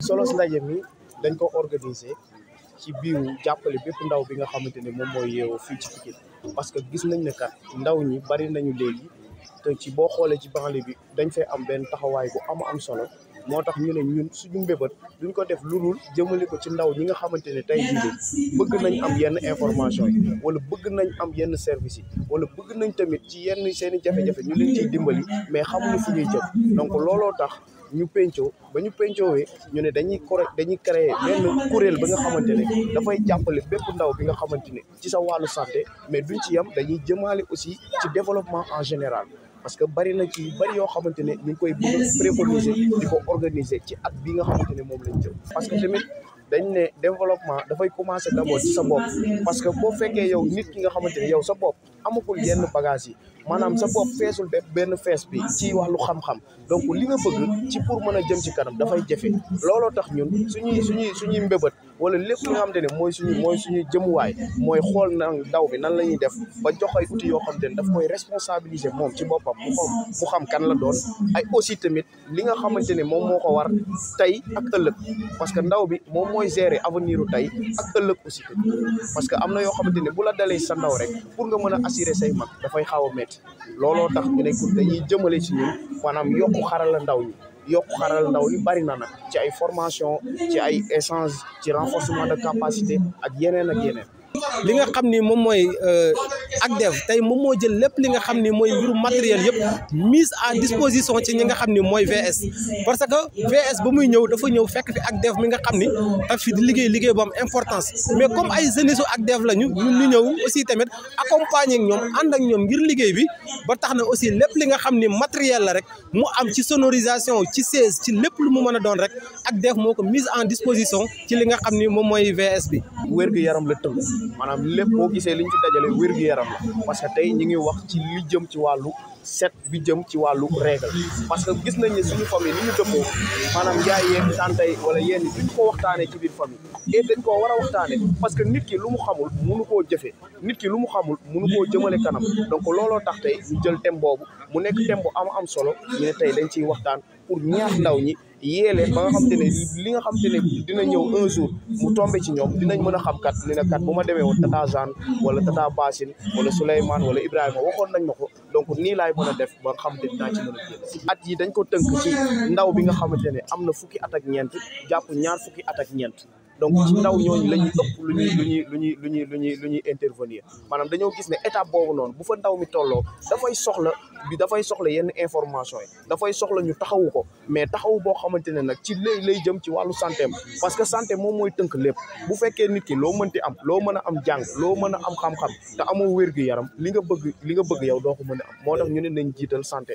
solo si ndaje ni dañ ko organiser ci biiru jàppale bépp ndaw bi nga xamante ne moom mooy yeewoo fii ci Pikine parce que gis nañ ne kat ndaw ñi bari nañu léegi te ci boo xoolee ci banlieue bi dañ fay am benn taxawaay bu am am solo moo tax ñu ne ñun suñu mbébét duñ ko def lu dul jëmale ko ci ndaw ñi nga xamante ne tey jii bëgg nañ am yenn information yi wala bëgg nañ am yenn service yi wala bëgg nañ tamit ci yenn seen i jafe-jafe ñu leen ciy dimbali mais xamuñu fu ñuy jëm donc looloo tax ñu pencoo ba ñu pencoowee ñu ne dañuy coré dañuy créer benn kuréel ba nga xamante ne dafay jàppale bépp ndaw bi nga xamante ne ci sa wàllu santé mais duñ ci yem dañuy jëmaale aussi ci développement en général parce que bari na ci bari yoo xamante ne ñu koy bëgg a préconiser di ko organiser ci at bi nga xamante ne moom lañ jëm parce que tamit dañ ne développement dafay commencé d'abord ci sa bopp parce que boo fekkee yow nit ki nga xamante ne yow sa bopp amagul yenn bagage yi maanaam sa bopp feesul bépp benn fees bi ci wàllu xam-xam donc li nga bëgg ci pour mën a jëm ci kanam dafay jafe looloo tax ñun suñuy suñuy suñuy mbébét wala lépp li xamante ne mooy suñu mooy suñu jëmuwaay mooy xool na daw bi nan la ñuy def ba jox ay outils yoo xam xamante ne daf koy responsabiliser moom ci boppam mu xam mu xam kan la doon ay aussi tamit li nga xamante ne moom moo ko war tey ak ëllëg parce que ndaw bi moom mooy gérer avenir u tey ak ëllëg aussi tamit parce que am na yoo xamante ne bu la dalee sa rek pour nga mën a assuré say mag dafay xaw a métti looloo tax ñu ne kur dañuy jëmale ci ñun maanaam yokku xarala ndaw ñi yokku xarala ndaw ñi bari na nag ci ay formation ci ay échange ci renforcement de capacité ak yeneen ak yeneen li nga mom moy moom mooy euh, ACDEV tey moom moo jël lepp li nga xam ni matériel yépp mise à disposition ci ñi nga xam ni VS parce que VS bu muy ñëw dafa ñëw fekk fi ACDEV mi nga xamni ak fi di liggéey liggéey bu am importance mais comme ay jeunesse ak ACDEV lañu ñun ñu ñëw aussi tamit accompagner ñom and ak ñom ngir liggéey bi ba taxna aussi lepp li nga matériel la rek mu am ci sonorisation ci seize ci lepp lu mu mën a doon rek ak def moko mise en disposition ci li nga xam ni VS bi wér-gu-yaram le tënk maanaam lépp boo gisee liñ ci dajale wér-gu-yaram la parce que tey ñu ngi wax ci li jëm ci wàllu set bi jëm ci wàllu règle parce que gis nañ ne suñu famille ni ñu dëppoo maanaam yaay yeeg tante yi wala yéen duñ ko waxtaanee ci biir famille et dañ koo war a waxtaanee parce que nit ki lu mu xamul munu koo jëfee nit ki lu mu xamul munu koo jëmale kanam donc looloo tax tey ñu jël temboobu mu nekk thème bu am am solo ñu ne tey dañ ciy waxtaan pour ñaax ndaw ñi yee ba nga xam te ne li nga xam te ne dina ñëw un jour mu tombé ci ñoom dinañ mën a xam kat ne na kat bu ma demee woon Tata Jeanne wala Tata Bassine wala Souleymane wala Ibrahima waxoon nañ ma ko donc nii laay mën a def ba xam te dinaa ci mën a génn at yi dañ ko tënk ci ndaw bi nga xamante ne am na fukki at ak ñeent jàpp ñaar fukki at ak ñeent donc ci ndaw ñooñu la ñuy ëpp lu ñuy lu ñuy lu ñuy lu ñuy lu ñuy intervenir maanaam dañoo gis ne étape boobu noonu bu fa ndaw mi tolloo bi dafay soxla yenn information yi dafay soxla ñu taxawu ko mais taxawu boo xamante ne nag ci lay lay jëm ci wàllu santé am parce que sante moom mooy tënk lépp bu fekkee nit ki loo mënti am loo mën a am jàng loo mën a am xam-xam te amoo wér gu yaram li nga bëgg li nga bëgg yow doo ko mën a am moo tax ñu ne nañ jiital santé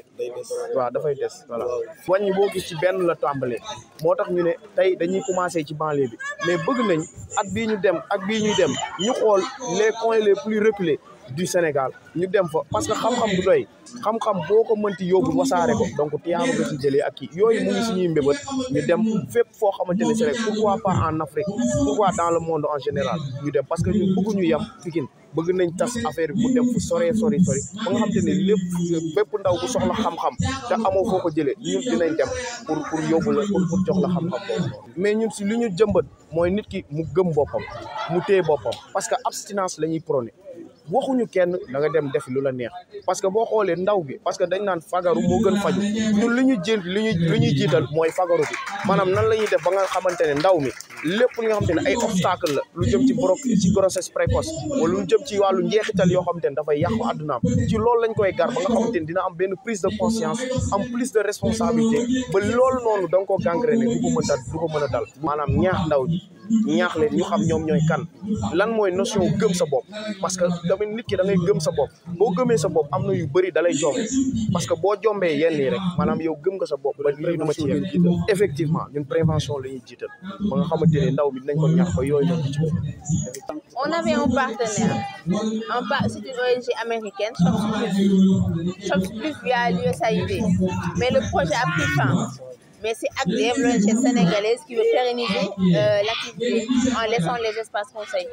waaw dafay des voilà wàññi boo gis ci benn la tàmbalee moo tax ñu ne tey dañuy commencé ci banlieue bi mais bëgg nañ at bii ñu dem ak bii ñuy dem ñu xool les coins les plus reculés du Sénégal ñu dem fo parce que xam-xam bu doy xam-xam boo ko mënti yóbbu wasaare ko donc tiyaaba nga si jëlee ak kii yooyu mu ngi suñuy mbébét ñu dem fépp foo xamante ne Sénégal pourquoi pas en Afrique pourquoi dans le monde en général ñu dem parce que ñu bëgg ñu yem Pikine bëgg nañ tas affaire bi mu dem fu soree sori sori ba nga xam te ne lépp bépp ndaw bu soxla xam-xam te amoo foo ko jëlee ñun dinañ dem pour pour yóbbu la pour jox la xam-xam mais ñun si lu ñu jëmbat mooy nit ki mu gëm boppam mu téye boppam parce que abstinence la ñuy prôné waxuñu kenn da nga dem def lu la neex parce que bo xolé ndaw bi parce que dañ nan fagaru mo gën faju ñun liñu jël liñu liñu jital moy fagaru bi manam nan lañuy def ba nga xamantene ne ndaw mi lepp li nga xamantene ne ay obstacle la lu jëm ci brok ci grossesse précoce wala lu jëm ci walu ñeexital yo xamantene ne fay yaq aduna ci lool lañ koy gar ba nga xamantene dina am ben prise de conscience am plus de responsabilité ba lool nonu da nga koo ne du ko mëna du ko mëna dal manam ñaax ndaw ji ñaax leen ñu xam ñoom ñooy kan lan mooy notion gëm sa bopp parce que tamit nit ki da ngay gëm sa bopp boo gëmee sa bopp am na yu bëri dalay jombe parce que boo jombee yenn yi rek maanaam yow gëm sa bopp ba lii duma ci yem effectivement ñun prévention la ñuy jiital ba nga xamante ne ndaw bi dinañ ko ñaax ba yooyu noonu ci on avait un partenaire un pa c'est une ONG américaine mais le projet a pris fin mais c'est le chef sénégalaise, qui veut pérenniser euh, l'activité en laissant les espaces conseils.